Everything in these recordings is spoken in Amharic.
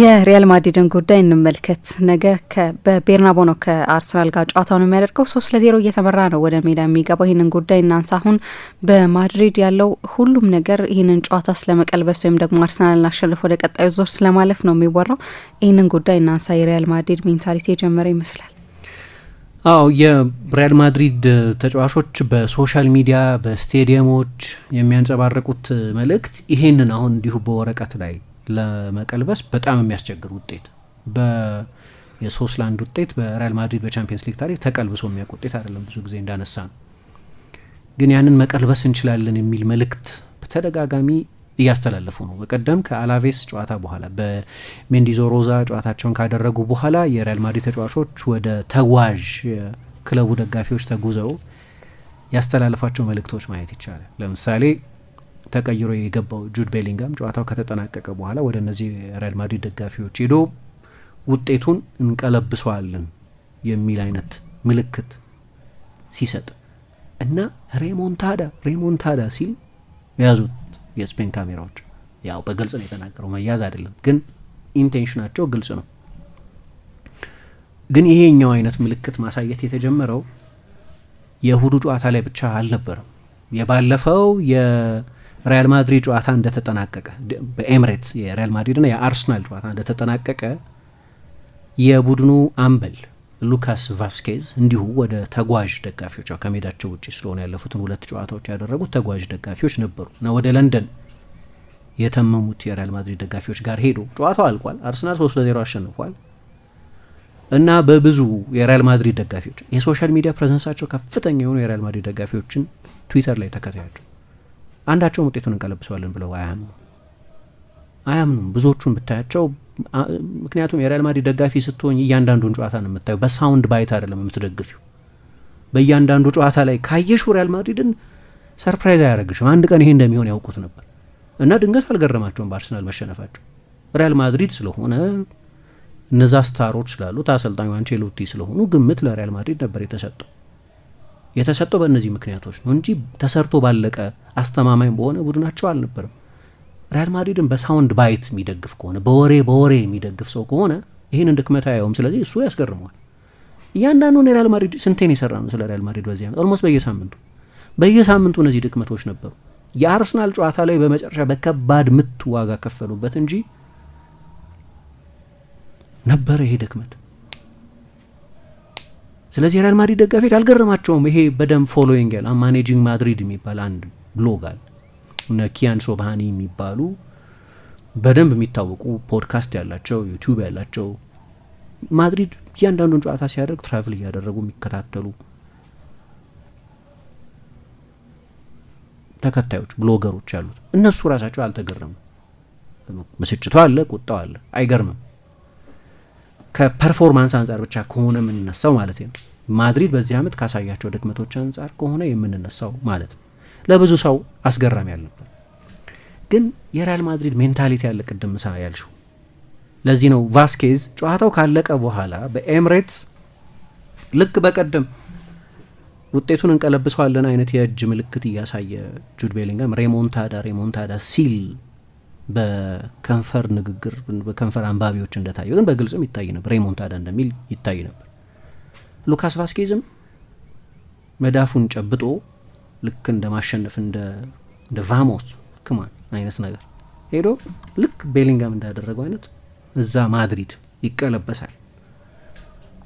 የሪያል ማድሪድን ጉዳይ እንመልከት። ነገ በቤርናቦ ነው ከአርሰናል ጋር ጨዋታውን የሚያደርገው። ሶስት ለዜሮ እየተመራ ነው ወደ ሜዳ የሚገባው። ይህንን ጉዳይ እናንሳ። አሁን በማድሪድ ያለው ሁሉም ነገር ይህንን ጨዋታ ስለመቀልበስ ወይም ደግሞ አርሰናልን አሸንፎ ወደ ቀጣዩ ዞር ስለማለፍ ነው የሚወራው። ይህንን ጉዳይ እናንሳ። የሪያል ማድሪድ ሜንታሊቲ የጀመረ ይመስላል። አዎ የሪያል ማድሪድ ተጫዋቾች በሶሻል ሚዲያ በስቴዲየሞች የሚያንጸባረቁት መልእክት ይሄንን አሁን እንዲሁ በወረቀት ላይ ለመቀልበስ በጣም የሚያስቸግር ውጤት የሶስት ለአንድ ውጤት በሪያል ማድሪድ በቻምፒየንስ ሊግ ታሪክ ተቀልብሶ የሚያውቅ ውጤት አይደለም። ብዙ ጊዜ እንዳነሳ ነው፣ ግን ያንን መቀልበስ እንችላለን የሚል መልእክት በተደጋጋሚ እያስተላለፉ ነው። በቀደም ከአላቬስ ጨዋታ በኋላ በሜንዲዞ ሮዛ ጨዋታቸውን ካደረጉ በኋላ የሪያል ማድሪድ ተጫዋቾች ወደ ተጓዥ ክለቡ ደጋፊዎች ተጉዘው ያስተላለፏቸው መልእክቶች ማየት ይቻላል። ለምሳሌ ተቀይሮ የገባው ጁድ ቤሊንጋም ጨዋታው ከተጠናቀቀ በኋላ ወደ እነዚህ ሪያል ማድሪድ ደጋፊዎች ሄዶ ውጤቱን እንቀለብሰዋለን የሚል አይነት ምልክት ሲሰጥ እና ሬሞንታዳ ሬሞንታዳ ሲል የያዙት የስፔን ካሜራዎች ያው በግልጽ ነው የተናገረው። መያዝ አይደለም ግን ኢንቴንሽናቸው ግልጽ ነው። ግን ይሄኛው አይነት ምልክት ማሳየት የተጀመረው የእሁዱ ጨዋታ ላይ ብቻ አልነበረም። የባለፈው ሪያል ማድሪድ ጨዋታ እንደተጠናቀቀ በኤምሬት የሪያል ማድሪድና የአርሰናል ጨዋታ እንደተጠናቀቀ የቡድኑ አምበል ሉካስ ቫስኬዝ እንዲሁ ወደ ተጓዥ ደጋፊዎች ከሜዳቸው ውጭ ስለሆነ ያለፉትን ሁለት ጨዋታዎች ያደረጉት ተጓዥ ደጋፊዎች ነበሩ እና ወደ ለንደን የተመሙት የሪያል ማድሪድ ደጋፊዎች ጋር ሄዶ ጨዋታው አልቋል። አርሰናል ሶስት ለዜሮ አሸንፏል እና በብዙ የሪያል ማድሪድ ደጋፊዎች የሶሻል ሚዲያ ፕሬዘንሳቸው ከፍተኛ የሆኑ የሪያል ማድሪድ ደጋፊዎችን ትዊተር ላይ ተከታያቸው አንዳቸውም ውጤቱን እንቀለብሰዋለን ብለው አያምኑ አያምኑም ብዙዎቹን ብታያቸው። ምክንያቱም የሪያል ማድሪድ ደጋፊ ስትሆኝ እያንዳንዱን ጨዋታ ነው የምታየው። በሳውንድ ባይት አይደለም የምትደግፊው። በእያንዳንዱ ጨዋታ ላይ ካየሽው ሪያል ማድሪድን ሰርፕራይዝ አያረግሽም አንድ ቀን ይሄ እንደሚሆን ያውቁት ነበር እና ድንገት አልገረማቸውም በአርሰናል መሸነፋቸው። ሪያል ማድሪድ ስለሆነ እነዛ ስታሮች ስላሉት አሰልጣኙ አንቼሎቲ ስለሆኑ ግምት ለሪያል ማድሪድ ነበር የተሰጠው። የተሰጠው በእነዚህ ምክንያቶች ነው እንጂ ተሰርቶ ባለቀ አስተማማኝ በሆነ ቡድናቸው አልነበርም። ሪያል ማድሪድን በሳውንድ ባይት የሚደግፍ ከሆነ በወሬ በወሬ የሚደግፍ ሰው ከሆነ ይህን እንደ ክመት አያውም። ስለዚህ እሱ ያስገርመዋል። እያንዳንዱን የሪያል ማድሪድ ስንቴን የሰራ ነው ስለ ሪያል ማድሪድ በዚህ ዓመት ኦልሞስት በየሳምንቱ በየሳምንቱ እነዚህ ድክመቶች ነበሩ። የአርሰናል ጨዋታ ላይ በመጨረሻ በከባድ ምት ዋጋ ከፈሉበት እንጂ ነበረ ይሄ ድክመት። ስለዚህ ሪያል ማድሪድ ደጋፊዎች አልገረማቸውም። ይሄ በደንብ ፎሎዊንግ ያለ ማኔጂንግ ማድሪድ የሚባል አንድ ብሎግ አለ እነ ኪያን ሶባሃኒ የሚባሉ በደንብ የሚታወቁ ፖድካስት ያላቸው ዩቲዩብ ያላቸው ማድሪድ እያንዳንዱን ጨዋታ ሲያደርግ ትራቭል እያደረጉ የሚከታተሉ ተከታዮች ብሎገሮች ያሉት እነሱ ራሳቸው አልተገረሙ። ምስጭቷ አለ፣ ቁጣው አለ። አይገርምም። ከፐርፎርማንስ አንጻር ብቻ ከሆነ የምንነሳው ማለት ነው። ማድሪድ በዚህ ዓመት ካሳያቸው ድክመቶች አንጻር ከሆነ የምንነሳው ማለት ነው። ለብዙ ሰው አስገራሚ ያልነበር ግን የሪያል ማድሪድ ሜንታሊቲ ያለ ቅድም ሳ ያልሽው ለዚህ ነው ቫስኬዝ ጨዋታው ካለቀ በኋላ በኤምሬትስ ልክ በቀደም ውጤቱን እንቀለብሰዋለን አይነት የእጅ ምልክት እያሳየ ጁድ ቤሊንጋም ሬሞንታዳ ሬሞንታዳ ሲል በከንፈር ንግግር በከንፈር አንባቢዎች እንደታየው ግን በግልጽም ይታይ ነበር። ሬሞንታዳ እንደሚል ይታይ ነበር። ሉካስ ቫስኬዝም መዳፉን ጨብጦ ልክ እንደ ማሸነፍ እንደ ቫሞስ ክማን አይነት ነገር ሄዶ ልክ ቤሊንጋም እንዳደረገው አይነት እዛ ማድሪድ ይቀለበሳል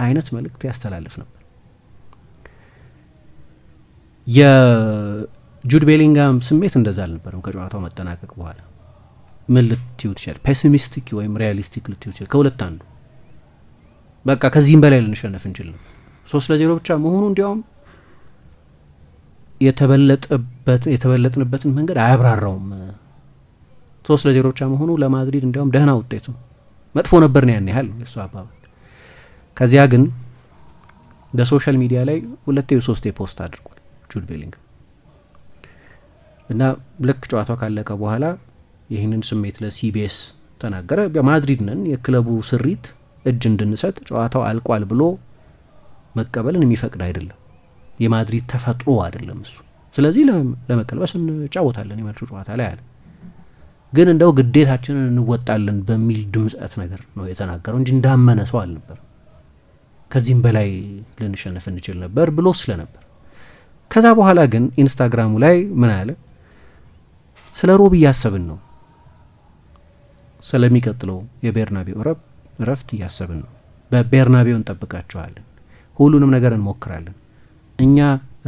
አይነት መልእክት ያስተላልፍ ነበር። የጁድ ቤሊንጋም ስሜት እንደዛ አልነበረም። ከጨዋታው መጠናቀቅ በኋላ ምን ልትዩ ትችላል? ፔሲሚስቲክ ወይም ሪያሊስቲክ ልትዩ ትችላል? ከሁለት አንዱ። በቃ ከዚህም በላይ ልንሸነፍ እንችል ነው ሶስት ለዜሮ ብቻ መሆኑ እንዲያውም የተበለጠበት የተበለጥንበትን መንገድ አያብራራውም። ሶስት ለዜሮ ብቻ መሆኑ ለማድሪድ እንዲያውም ደህና ውጤቱ መጥፎ ነበር ነው ያን ያህል እሱ አባባል። ከዚያ ግን በሶሻል ሚዲያ ላይ ሁለቴ ሶስቴ ፖስት አድርጓል ጁድ ቤሊንግ እና ልክ ጨዋታው ካለቀ በኋላ ይህንን ስሜት ለሲቢኤስ ተናገረ። ማድሪድ ነን የክለቡ ስሪት እጅ እንድንሰጥ ጨዋታው አልቋል ብሎ መቀበልን የሚፈቅድ አይደለም። የማድሪድ ተፈጥሮ አይደለም እሱ። ስለዚህ ለመቀልበስ እንጫወታለን የመልሱ ጨዋታ ላይ አለ። ግን እንደው ግዴታችንን እንወጣለን በሚል ድምጸት ነገር ነው የተናገረው እንጂ እንዳመነ ሰው አልነበር። ከዚህም በላይ ልንሸነፍ እንችል ነበር ብሎ ስለነበር ከዛ በኋላ ግን ኢንስታግራሙ ላይ ምን አለ? ስለ ሮብ እያሰብን ነው፣ ስለሚቀጥለው የቤርናቤው እረፍት እያሰብን ነው። በቤርናቤው እንጠብቃቸዋለን። ሁሉንም ነገር እንሞክራለን። እኛ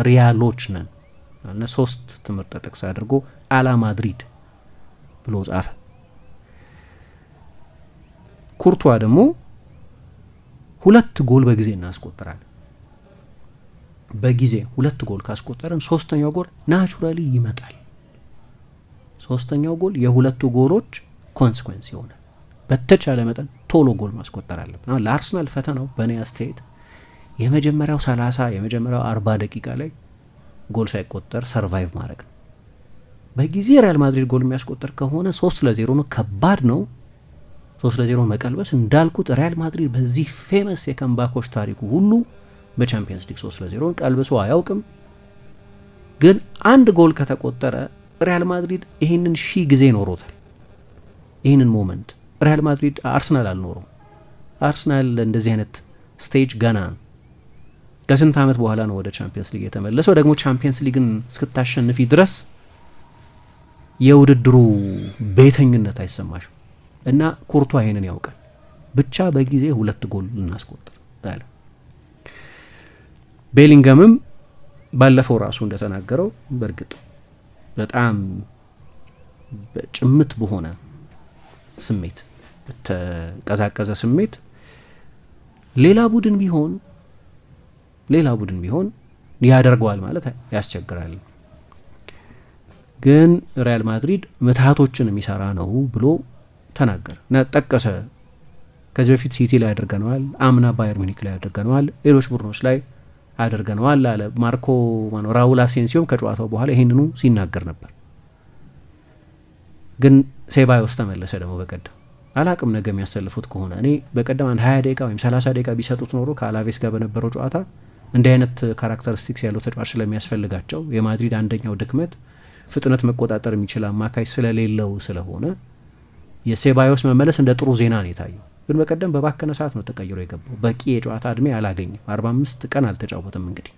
ሪያሎች ነን እና ሶስት ትምህርት ጠቅስ አድርጎ አላ ማድሪድ ብሎ ጻፈ። ኩርቷ ደግሞ ሁለት ጎል በጊዜ እናስቆጥራለን። በጊዜ ሁለት ጎል ካስቆጠረን ሶስተኛው ጎል ናቹራሊ ይመጣል። ሶስተኛው ጎል የሁለቱ ጎሎች ኮንስኮንስ ይሆናል። በተቻለ መጠን ቶሎ ጎል ማስቆጠር አለብን። አሁን ለአርሰናል ፈተናው በእኔ አስተያየት የመጀመሪያው 30 የመጀመሪያው 40 ደቂቃ ላይ ጎል ሳይቆጠር ሰርቫይቭ ማድረግ ነው። በጊዜ ሪያል ማድሪድ ጎል የሚያስቆጠር ከሆነ ሶስት ለዜሮ ነው። ከባድ ነው ሶስት ለዜሮ መቀልበስ። እንዳልኩት ሪያል ማድሪድ በዚህ ፌመስ የከምባኮች ታሪኩ ሁሉ በቻምፒየንስ ሊግ ሶስት ለዜሮን ቀልብሶ አያውቅም። ግን አንድ ጎል ከተቆጠረ ሪያል ማድሪድ ይህንን ሺህ ጊዜ ኖሮታል። ይህንን ሞመንት ሪያል ማድሪድ አርሰናል አልኖረውም። አርሰናል እንደዚህ አይነት ስቴጅ ገና ነው። ከስንት ዓመት በኋላ ነው ወደ ቻምፒየንስ ሊግ የተመለሰው። ደግሞ ቻምፒየንስ ሊግን እስክታሸንፊ ድረስ የውድድሩ ቤተኝነት አይሰማሽም እና ኩርቷ ይሄንን ያውቃል። ብቻ በጊዜ ሁለት ጎል እናስቆጥር አለ። ቤሊንገምም ባለፈው ራሱ እንደተናገረው በእርግጥ በጣም ጭምት በሆነ ስሜት በተቀዛቀዘ ስሜት ሌላ ቡድን ቢሆን ሌላ ቡድን ቢሆን ያደርገዋል ማለት ያስቸግራል። ግን ሪያል ማድሪድ ምትሃቶችን የሚሰራ ነው ብሎ ተናገረ እና ጠቀሰ። ከዚህ በፊት ሲቲ ላይ አድርገነዋል፣ አምና ባየር ሚኒክ ላይ አድርገነዋል፣ ሌሎች ቡድኖች ላይ አድርገነዋል አለ ማርኮ ማነው ራውል አሴንሲዮም ከጨዋታው በኋላ ይህንኑ ሲናገር ነበር። ግን ሴባዮስ ተመለሰ ደግሞ በቀደም አላቅም ነገ የሚያሰልፉት ከሆነ እኔ በቀደም አንድ 20 ደቂቃ ወይም ሰላሳ ደቂቃ ቢሰጡት ኖሮ ከአላቬስ ጋር በነበረው ጨዋታ እንዲህ አይነት ካራክተሪስቲክስ ያለው ተጫዋች ስለሚያስፈልጋቸው የማድሪድ አንደኛው ድክመት ፍጥነት መቆጣጠር የሚችል አማካይ ስለሌለው ስለሆነ የሴባዮስ መመለስ እንደ ጥሩ ዜና ነው የታየው። ግን በቀደም በባከነ ሰዓት ነው ተቀይሮ የገባው። በቂ የጨዋታ እድሜ አላገኘም። 45 ቀን አልተጫወተም። እንግዲህ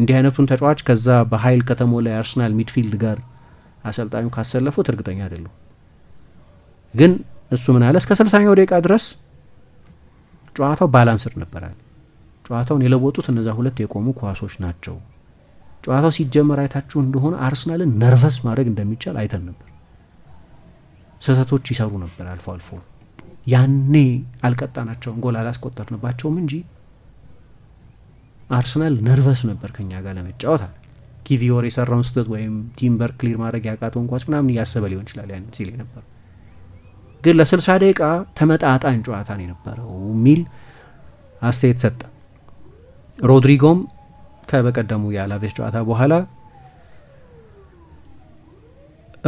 እንዲህ አይነቱን ተጫዋች ከዛ በኃይል ከተሞላ የአርሰናል ሚድፊልድ ጋር አሰልጣኙ ካሰለፉት እርግጠኛ አይደለም። ግን እሱ ምን አለ እስከ 60 ደቂቃ ድረስ ጨዋታው ባላንስድ ነበራል። ጨዋታውን የለወጡት እነዛ ሁለት የቆሙ ኳሶች ናቸው። ጨዋታው ሲጀመር አይታችሁ እንደሆነ አርሰናልን ነርቨስ ማድረግ እንደሚቻል አይተን ነበር። ስህተቶች ይሰሩ ነበር አልፎ አልፎ። ያኔ አልቀጣናቸውም፣ ጎል አላስቆጠርንባቸውም እንጂ አርሰናል ነርቨስ ነበር ከኛ ጋር ለመጫወት አለ። ኪቪዮር የሰራውን ስህተት ወይም ቲምበር ክሊር ማድረግ ያቃተውን ኳስ ምናምን እያሰበ ሊሆን ይችላል ያን ሲል ነበር። ግን ለስልሳ ደቂቃ ተመጣጣኝ ጨዋታ ነው የነበረው የሚል አስተያየት ሰጠ። ሮድሪጎም ከበቀደሙ የአላቬስ ጨዋታ በኋላ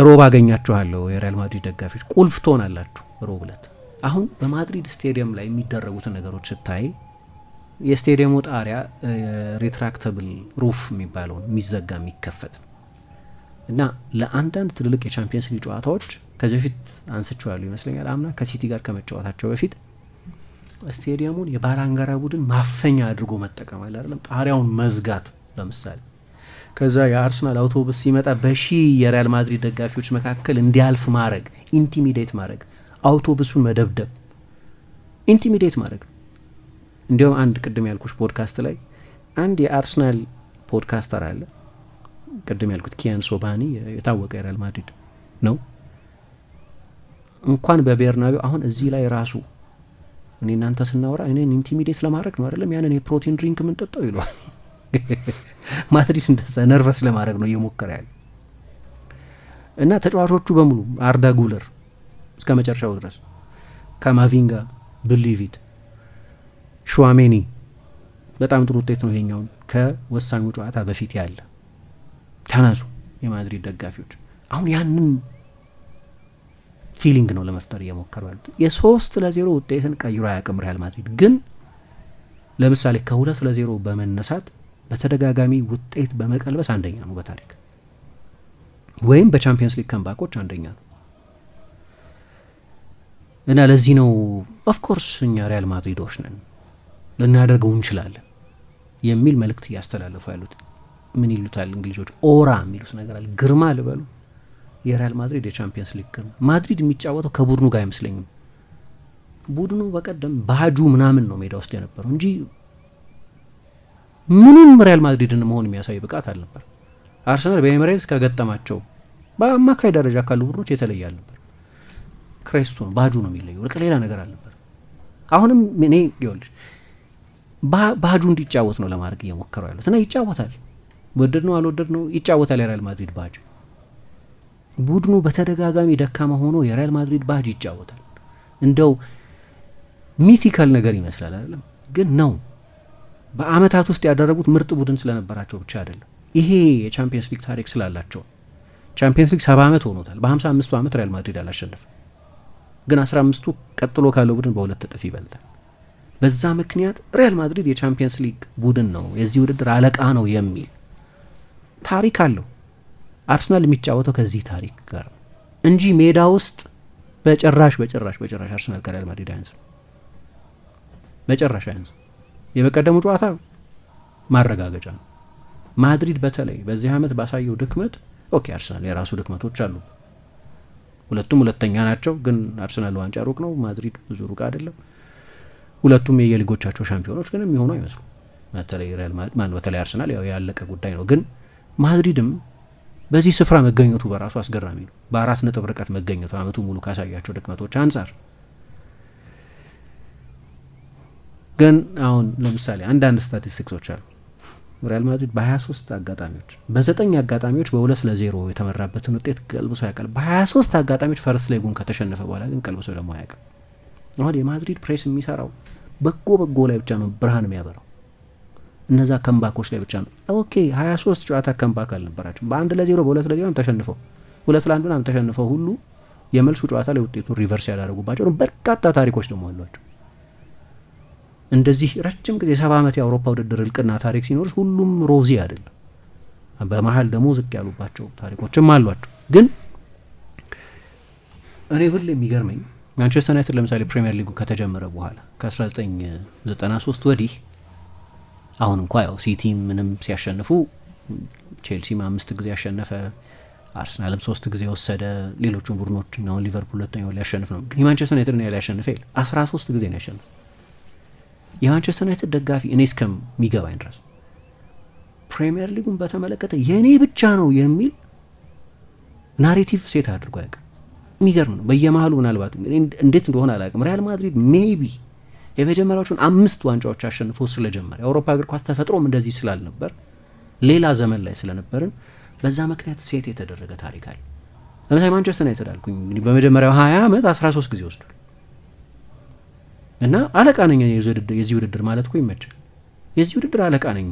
ሮብ አገኛችኋለሁ የሪያል ማድሪድ ደጋፊዎች ቁልፍ ትሆናላችሁ ሮብ ዕለት አሁን በማድሪድ ስቴዲየም ላይ የሚደረጉትን ነገሮች ስታይ የስቴዲየሙ ጣሪያ ሪትራክተብል ሩፍ የሚባለውን የሚዘጋ የሚከፈት እና ለአንዳንድ ትልልቅ የቻምፒየንስ ሊግ ጨዋታዎች ከዚህ በፊት አንስቸዋሉ ይመስለኛል አምና ከሲቲ ጋር ከመጫወታቸው በፊት ስቴዲየሙን የባላንጋራ ቡድን ማፈኛ አድርጎ መጠቀም አለ አይደለም፣ ጣሪያውን መዝጋት ለምሳሌ። ከዛ የአርሰናል አውቶቡስ ሲመጣ በሺ የሪያል ማድሪድ ደጋፊዎች መካከል እንዲያልፍ ማድረግ፣ ኢንቲሚዴት ማድረግ፣ አውቶቡሱን መደብደብ፣ ኢንቲሚዴት ማድረግ። እንዲሁም አንድ ቅድም ያልኩሽ ፖድካስት ላይ አንድ የአርሰናል ፖድካስተር አለ፣ ቅድም ያልኩት ኪያን ሶባኒ የታወቀ የሪያል ማድሪድ ነው። እንኳን በቤርናቢው አሁን እዚህ ላይ ራሱ እኔ እናንተ ስናወራ እኔን ኢንቲሚዴት ለማድረግ ነው አይደለም ያንን የፕሮቲን ድሪንክ የምንጠጣው ይሏል። ማድሪድ እንደዛ ነርቨስ ለማድረግ ነው እየሞከረ ያለ እና ተጫዋቾቹ በሙሉ አርዳ ጉለር እስከ መጨረሻው ድረስ ከማቪንጋ ብሊቪት ሹዋሜኒ በጣም ጥሩ ውጤት ነው ይሄኛውን ከወሳኙ ጨዋታ በፊት ያለ ተነሱ የማድሪድ ደጋፊዎች አሁን ያንን ፊሊንግ ነው ለመፍጠር እየሞከሩ ያሉት። የሶስት ለዜሮ ውጤትን ቀይሮ አያውቅም ሪያል ማድሪድ ግን ለምሳሌ ከሁለት ለዜሮ በመነሳት በተደጋጋሚ ውጤት በመቀልበስ አንደኛ ነው በታሪክ ወይም በቻምፒየንስ ሊግ ከምባኮች አንደኛ ነው እና ለዚህ ነው ኦፍኮርስ እኛ ሪያል ማድሪዶች ነን ልናደርገው እንችላለን የሚል መልእክት እያስተላለፉ ያሉት ምን ይሉታል እንግሊዞች ኦራ የሚሉት ነገር አለ ግርማ ልበሉ የሪያል ማድሪድ የቻምፒየንስ ሊግ ማድሪድ የሚጫወተው ከቡድኑ ጋር አይመስለኝም። ቡድኑ በቀደም ባጁ ምናምን ነው ሜዳ ውስጥ የነበረው እንጂ ምንም ሪያል ማድሪድን መሆን የሚያሳይ ብቃት አልነበር። አርሰናል በኤምሬትስ ከገጠማቸው በአማካይ ደረጃ ካሉ ቡድኖች የተለየ አልነበር። ክሬስቱ ነው ባጁ ነው የሚለየው፣ ልቅ ሌላ ነገር አልነበር። አሁንም እኔ ይኸውልሽ ባጁ እንዲጫወት ነው ለማድረግ እየሞከረው ያሉት እና ይጫወታል፣ ወደድ ነው አልወደድ ነው ይጫወታል የሪያል ማድሪድ ባጁ ቡድኑ በተደጋጋሚ ደካማ ሆኖ የሪያል ማድሪድ ባጅ ይጫወታል። እንደው ሚቲካል ነገር ይመስላል አይደለም፣ ግን ነው በአመታት ውስጥ ያደረጉት ምርጥ ቡድን ስለነበራቸው ብቻ አይደለም። ይሄ የቻምፒየንስ ሊግ ታሪክ ስላላቸው ቻምፒየንስ ሊግ ሰባ ዓመት ሆኖታል። በሀምሳ አምስቱ ዓመት ሪያል ማድሪድ አላሸነፈም፣ ግን አስራ አምስቱ ቀጥሎ ካለው ቡድን በሁለት እጥፍ ይበልጣል። በዛ ምክንያት ሪያል ማድሪድ የቻምፒየንስ ሊግ ቡድን ነው፣ የዚህ ውድድር አለቃ ነው የሚል ታሪክ አለው። አርሰናል የሚጫወተው ከዚህ ታሪክ ጋር እንጂ ሜዳ ውስጥ በጭራሽ በጭራሽ በጭራሽ አርሰናል ከሪያል ማድሪድ አያንስም፣ በጭራሽ አያንስም። የበቀደሙ ጨዋታ ማረጋገጫ ነው። ማድሪድ በተለይ በዚህ ዓመት ባሳየው ድክመት ኦኬ፣ አርሰናል የራሱ ድክመቶች አሉ። ሁለቱም ሁለተኛ ናቸው፣ ግን አርሰናል ዋንጫ ሩቅ ነው፣ ማድሪድ ብዙ ሩቅ አይደለም። ሁለቱም የየሊጎቻቸው ሻምፒዮኖች ግን የሚሆኑ አይመስሉ። በተለይ ሪያል ማድሪድ በተለይ አርሰናል ያው ያለቀ ጉዳይ ነው፣ ግን ማድሪድም በዚህ ስፍራ መገኘቱ በራሱ አስገራሚ ነው። በአራት ነጥብ ርቀት መገኘቱ አመቱ ሙሉ ካሳያቸው ድክመቶች አንጻር ግን አሁን ለምሳሌ አንዳንድ ስታቲስቲክሶች አሉ። ሪያል ማድሪድ በ ሶስት አጋጣሚዎች በዘጠኝ አጋጣሚዎች በሁለት ለዜሮ የተመራበትን ውጤት ቀልብሶ ያውቃል በሀያ ሶስት አጋጣሚዎች ላይ ጉን ከተሸነፈ በኋላ ግን ቀልብሶ ደግሞ አያውቅም። አሁን የማድሪድ ፕሬስ የሚሰራው በጎ በጎ ላይ ብቻ ነው ብርሃን የሚያበራው እነዛ ከምባኮች ላይ ብቻ ነው። ኦኬ 23 ሶስት ጨዋታ ከምባክ አልነበራቸው በአንድ ለዜሮ በሁለት ለዜሮ ተሸንፈው ሁለት ለአንድ ምናምን ተሸንፈው ሁሉ የመልሱ ጨዋታ ላይ ውጤቱን ሪቨርስ ያላደረጉባቸው በርካታ ታሪኮች ደግሞ አሏቸው። እንደዚህ ረጅም ጊዜ የሰባ ዓመት የአውሮፓ ውድድር እልቅና ታሪክ ሲኖር ሁሉም ሮዚ አይደለም። በመሀል ደግሞ ዝቅ ያሉባቸው ታሪኮችም አሏቸው። ግን እኔ ሁሌ የሚገርመኝ ማንቸስተር ዩናይትድ ለምሳሌ ፕሪምየር ሊጉ ከተጀመረ በኋላ ከ1993 ወዲህ አሁን እንኳ ያው ሲቲ ምንም ሲያሸንፉ ቼልሲም አምስት ጊዜ ያሸነፈ፣ አርሰናልም ሶስት ጊዜ የወሰደ ሌሎቹን ቡድኖች አሁን ሊቨርፑል ሁለተኛ ሊያሸንፍ ነው። የማንቸስተር ዩናይትድ ነው ሊያሸንፈ የለ አስራ ሶስት ጊዜ ነው ያሸንፍ የማንቸስተር ዩናይትድ ደጋፊ እኔ እስከሚገባኝ ድረስ ፕሪምየር ሊጉን በተመለከተ የእኔ ብቻ ነው የሚል ናሬቲቭ ሴት አድርጎ አያውቅም። የሚገርም ነው። በየመሀሉ ምናልባት እንዴት እንደሆነ አላውቅም ሪያል ማድሪድ ሜቢ የመጀመሪያዎቹን አምስት ዋንጫዎች አሸንፎ ስለጀመረ የአውሮፓ እግር ኳስ ተፈጥሮም እንደዚህ ስላልነበር ሌላ ዘመን ላይ ስለነበርን በዛ ምክንያት ሴት የተደረገ ታሪክ አለ። ለምሳሌ ማንቸስተር ዩናይትድ አልኩኝ እንግዲህ በመጀመሪያው 20 ዓመት አስራ ሶስት ጊዜ ወስዷል እና አለቃ ነኝ የዚህ ውድድር ማለት እኮ ይመቻል። የዚህ ውድድር አለቃ ነኝ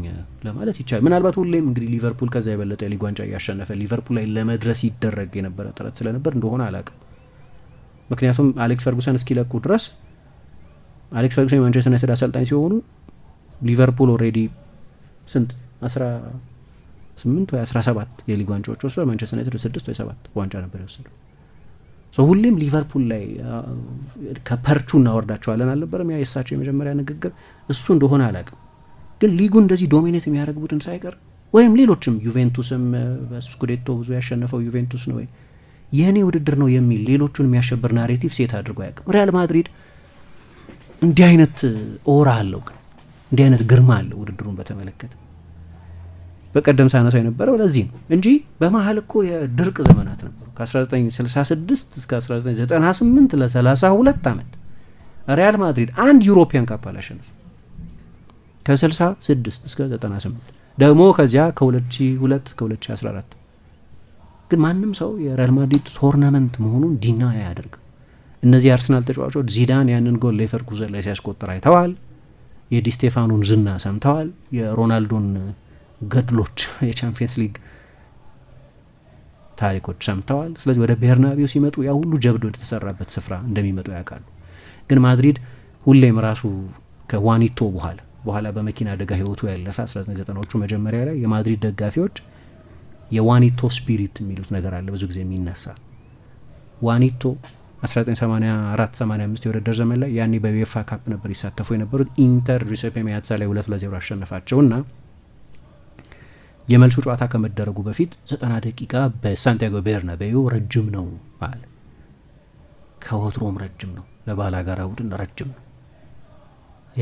ለማለት ይቻላል። ምናልባት ሁሌም እንግዲህ ሊቨርፑል ከዛ የበለጠ የሊግ ዋንጫ እያሸነፈ ሊቨርፑል ላይ ለመድረስ ይደረግ የነበረ ጥረት ስለነበር እንደሆነ አላውቅም። ምክንያቱም አሌክስ ፈርጉሰን እስኪለቁ ድረስ አሌክስ ፈርጉሰን የማንቸስተር ዩናይትድ አሰልጣኝ ሲሆኑ ሊቨርፑል ኦልሬዲ ስንት አስራ ስምንት ወይ አስራ ሰባት የሊግ ዋንጫዎች ወስዶ ማንቸስተር ዩናይትድ ስድስት ወይ ሰባት ዋንጫ ነበር የወሰደው። ሁሌም ሊቨርፑል ላይ ከፐርቹ እናወርዳቸዋለን አልነበረም? ያ የእሳቸው የመጀመሪያ ንግግር እሱ እንደሆነ አላውቅም፣ ግን ሊጉ እንደዚህ ዶሚኔት የሚያደርግ ቡድን ሳይቀር ወይም ሌሎችም ዩቬንቱስም በስኩዴቶ ብዙ ያሸነፈው ዩቬንቱስ ነው የእኔ ውድድር ነው የሚል ሌሎቹን የሚያሸብር ናሬቲቭ ሴት አድርጎ አያውቅም። ሪያል ማድሪድ እንዲህ አይነት ኦራ አለው ግን እንዲህ አይነት ግርማ አለው ውድድሩን በተመለከተ በቀደም ሳነሳ የነበረው ለዚህ ነው እንጂ በመሀል እኮ የድርቅ ዘመናት ነበሩ። ከ1966 እስከ 1998 ለ32 ዓመት ሪያል ማድሪድ አንድ ዩሮፒያን ካፕ አላሸነፈ ከ66 እስከ 98 ደግሞ ከዚያ ከ2002 ከ2014 ግን ማንም ሰው የሪያል ማድሪድ ቶርናመንት መሆኑን ዲና አያደርግም። እነዚህ አርሰናል ተጫዋቾች ዚዳን ያንን ጎል ሌቨርኩዘን ላይ ሲያስቆጥር አይተዋል። የዲስቴፋኑን ዝና ሰምተዋል። የሮናልዶን ገድሎች የቻምፒየንስ ሊግ ታሪኮች ሰምተዋል። ስለዚህ ወደ ቤርናቢዮ ሲመጡ ያ ሁሉ ጀብዶ የተሰራበት ስፍራ እንደሚመጡ ያውቃሉ። ግን ማድሪድ ሁሌም ራሱ ከዋኒቶ በኋላ በኋላ በመኪና አደጋ ህይወቱ ያለፈ 1990 ዘጠናዎቹ መጀመሪያ ላይ የማድሪድ ደጋፊዎች የዋኒቶ ስፒሪት የሚሉት ነገር አለ ብዙ ጊዜ የሚነሳ ዋኒቶ 1984/85 የውድድር ዘመን ላይ ያኔ በዌፋ ካፕ ነበር ይሳተፉ የነበሩት። ኢንተር ጁሴፔ ሜአዛ ላይ ሁለት ለዜሮ ና የመልሱ ጨዋታ ከመደረጉ በፊት ዘጠና ደቂቃ በሳንቲያጎ ቤርናቤዩ ረጅም ነው አለ። ከወትሮም ረጅም ነው፣ ለባላጋራ ቡድን ረጅም ነው።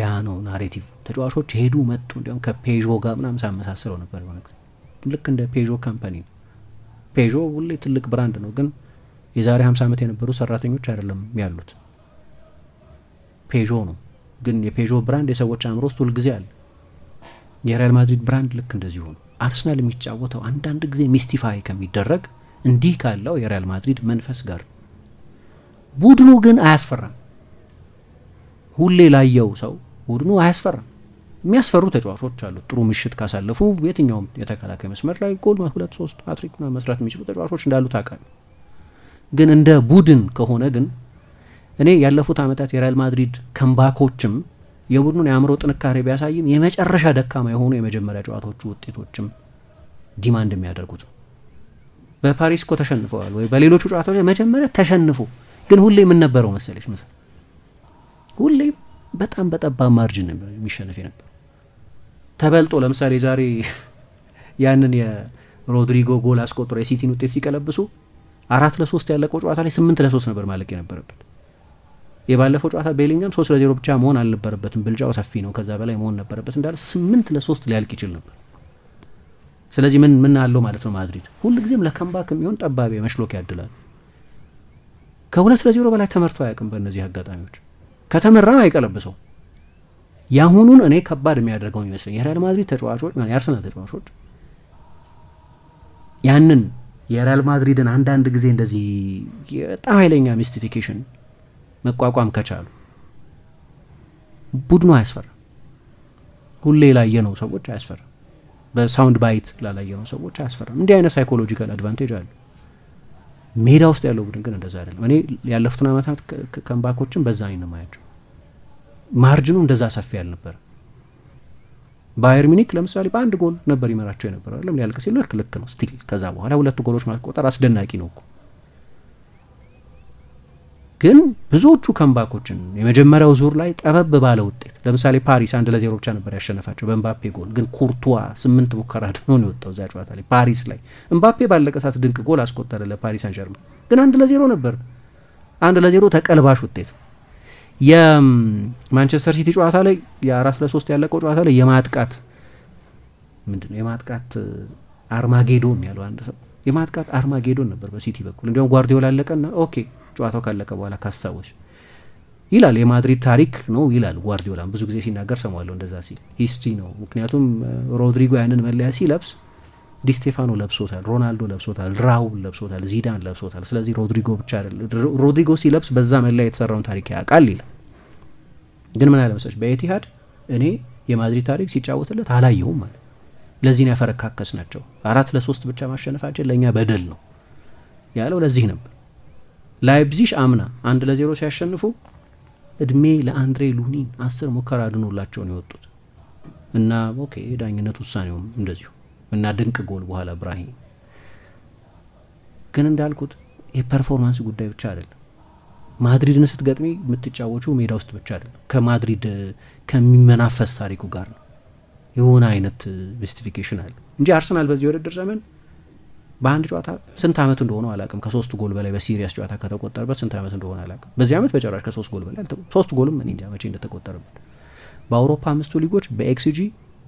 ያ ነው ናሬቲቭ። ተጫዋቾች ሄዱ መጡ። እንዲሁም ከፔዦ ጋር ምናምን ሳመሳስለው ነበር። የሆነ ልክ እንደ ፔዦ ካምፓኒ ነው። ፔዦ ሁሌ ትልቅ ብራንድ ነው ግን የዛሬ 50 ዓመት የነበሩ ሰራተኞች አይደለም ያሉት። ፔዦ ነው። ግን የፔዦ ብራንድ የሰዎች አእምሮ ውስጥ ሁልጊዜ አለ። የሪያል ማድሪድ ብራንድ ልክ እንደዚህ ሆኑ። አርሰናል የሚጫወተው አንዳንድ ጊዜ ሚስቲፋይ ከሚደረግ እንዲህ ካለው የሪያል ማድሪድ መንፈስ ጋር ቡድኑ ግን አያስፈራም። ሁሌ ላየው ሰው ቡድኑ አያስፈራም። የሚያስፈሩ ተጫዋቾች አሉት። ጥሩ ምሽት ካሳለፉ የትኛውም የተከላካይ መስመር ላይ ጎል ሁለት ሶስት ሀትሪክ መስራት የሚችሉ ተጫዋቾች እንዳሉ ታውቃለህ። ግን እንደ ቡድን ከሆነ ግን እኔ ያለፉት ዓመታት የሪያል ማድሪድ ከምባኮችም የቡድኑን የአእምሮ ጥንካሬ ቢያሳይም የመጨረሻ ደካማ የሆኑ የመጀመሪያ ጨዋታዎቹ ውጤቶችም ዲማንድ የሚያደርጉት በፓሪስ እኮ ተሸንፈዋል ወይ በሌሎቹ ጨዋታዎች ላይ መጀመሪያ ተሸንፎ ግን ሁሌ የምንነበረው መሰለች ምስል ሁሌ በጣም በጠባብ ማርጅን የሚሸነፍ ነበር ተበልጦ ለምሳሌ ዛሬ ያንን የሮድሪጎ ጎል አስቆጥሮ የሲቲን ውጤት ሲቀለብሱ አራት ለሶስት ያለቀው ጨዋታ ላይ ስምንት ለሶስት ነበር ማለቅ የነበረበት። የባለፈው ጨዋታ ቤሊንጋም ሶስት ለዜሮ ብቻ መሆን አልነበረበትም። ብልጫው ሰፊ ነው፣ ከዛ በላይ መሆን ነበረበት። እንዳለ ስምንት ለሶስት ሊያልቅ ይችል ነበር። ስለዚህ ምን ምን አለው ማለት ነው። ማድሪድ ሁልጊዜም ለከምባክ የሚሆን ጠባቢ መሽሎክ ያድላል። ከሁለት ለዜሮ በላይ ተመርቶ አያውቅም። በእነዚህ አጋጣሚዎች ከተመራም አይቀለብሰው። የአሁኑን እኔ ከባድ የሚያደርገው ይመስለኝ የሪያል ማድሪድ ተጫዋቾች፣ የአርሰናል ተጫዋቾች ያንን የሪያል ማድሪድን አንዳንድ ጊዜ እንደዚህ በጣም ኃይለኛ ሚስቲፊኬሽን መቋቋም ከቻሉ ቡድኑ አያስፈራም። ሁሌ ላየነው ሰዎች አያስፈራም። በሳውንድ ባይት ነው ሰዎች አያስፈራም። እንዲህ አይነት ሳይኮሎጂካል አድቫንቴጅ አለ ሜዳ ውስጥ ያለው ቡድን ግን እንደዛ አይደለም። እኔ ያለፉትን አመታት ከምባኮችን በዛ አይነት ማያቸው ማርጅኑ እንደዛ ሰፊ አልነበረ። ባየር ሚኒክ ለምሳሌ በአንድ ጎል ነበር ይመራቸው የነበረ አይደለም ሊያልቅ ሲሉ ልክ ልክ ነው ስቲል ከዛ በኋላ ሁለት ጎሎች ማስቆጠር አስደናቂ ነው እኮ ግን ብዙዎቹ ከምባኮችን የመጀመሪያው ዙር ላይ ጠበብ ባለ ውጤት ለምሳሌ ፓሪስ አንድ ለዜሮ ብቻ ነበር ያሸነፋቸው በእምባፔ ጎል ግን ኩርቱዋ ስምንት ሙከራ ድኖ ነው የወጣው እዛ ጨዋታ ላይ ፓሪስ ላይ እምባፔ ባለቀ ሰዓት ድንቅ ጎል አስቆጠረ ለፓሪስ አንጀርማ ግን አንድ ለዜሮ ነበር አንድ ለዜሮ ተቀልባሽ ውጤት የማንቸስተር ሲቲ ጨዋታ ላይ የአራት ለሶስት ያለቀው ጨዋታ ላይ የማጥቃት ምንድነው የማጥቃት አርማጌዶን ያለው አንድ ሰው የማጥቃት አርማጌዶን ነበር በሲቲ በኩል እንዲሁም ጓርዲዮላ አለቀና ኦኬ ጨዋታው ካለቀ በኋላ ካስታወስ ይላል የማድሪድ ታሪክ ነው ይላል ጓርዲዮላ ብዙ ጊዜ ሲናገር ሰማለሁ እንደዛ ሲል ሂስትሪ ነው ምክንያቱም ሮድሪጎ ያንን መለያ ሲለብስ ዲስቴፋኖ ለብሶታል፣ ሮናልዶ ለብሶታል፣ ራውል ለብሶታል፣ ዚዳን ለብሶታል። ስለዚህ ሮድሪጎ ብቻ ሮድሪጎ ሲለብስ በዛ መለያ የተሰራውን ታሪክ ያውቃል ይላል። ግን ምን አለመሰለሽ በኤቲሃድ እኔ የማድሪድ ታሪክ ሲጫወትለት አላየሁም አለ። ለዚህ ነው ያፈረካከስ ናቸው። አራት ለሶስት ብቻ ማሸነፋችን ለእኛ በደል ነው ያለው ለዚህ ነበር። ላይፕዚሽ አምና አንድ ለዜሮ ሲያሸንፉ እድሜ ለአንድሬ ሉኒን አስር ሙከራ አድኖላቸው ነው የወጡት እና ኦኬ ዳኝነት ውሳኔውም እንደዚሁ እና ድንቅ ጎል በኋላ ብራሂም ግን እንዳልኩት የፐርፎርማንስ ጉዳይ ብቻ አይደለም። ማድሪድን ስትገጥሚ የምትጫወቹ ሜዳ ውስጥ ብቻ አይደለም፣ ከማድሪድ ከሚመናፈስ ታሪኩ ጋር ነው። የሆነ አይነት ጀስቲፊኬሽን አለ እንጂ አርሰናል በዚህ ውድድር ዘመን በአንድ ጨዋታ ስንት ዓመት እንደሆነ አላውቅም፣ ከሶስት ጎል በላይ በሲሪያስ ጨዋታ ከተቆጠረበት ስንት ዓመት እንደሆነ አላውቅም። በዚህ ዓመት በጨራሽ ከሶስት ጎል በላይ ሶስት ጎልም እኔ እንጃ መቼ እንደተቆጠረበት። በአውሮፓ አምስቱ ሊጎች በኤክስጂ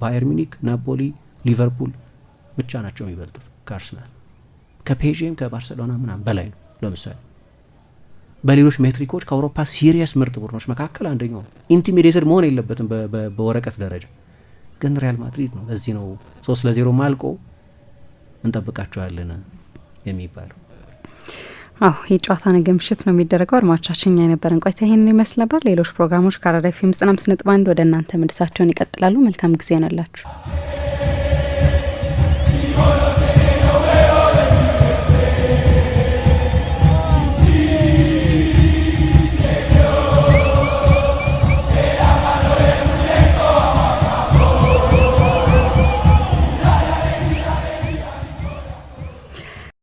ባየር ሚኒክ፣ ናፖሊ፣ ሊቨርፑል ብቻ ናቸው የሚበልጡት ከአርሰናል ከፔዥም ከባርሰሎና ምናምን በላይ ነው። ለምሳሌ በሌሎች ሜትሪኮች ከአውሮፓ ሲሪየስ ምርጥ ቡድኖች መካከል አንደኛው ነው። ኢንቲሚዴትድ መሆን የለበትም በወረቀት ደረጃ ግን ሪያል ማድሪድ ነው። እዚህ ነው ሶስት ለዜሮ ማልቆ እንጠብቃቸዋለን የሚባለው። አዎ የጨዋታ ነገ ምሽት ነው የሚደረገው። አድማጮቻችን የነበረን ቆይታ ይህንን ይመስል ነበር። ሌሎች ፕሮግራሞች ከአራዳ ኤፍ ኤም ዘጠና አምስት ነጥብ አንድ ወደ እናንተ መድረሳቸውን ይቀጥላሉ። መልካም ጊዜ ሆነላችሁ።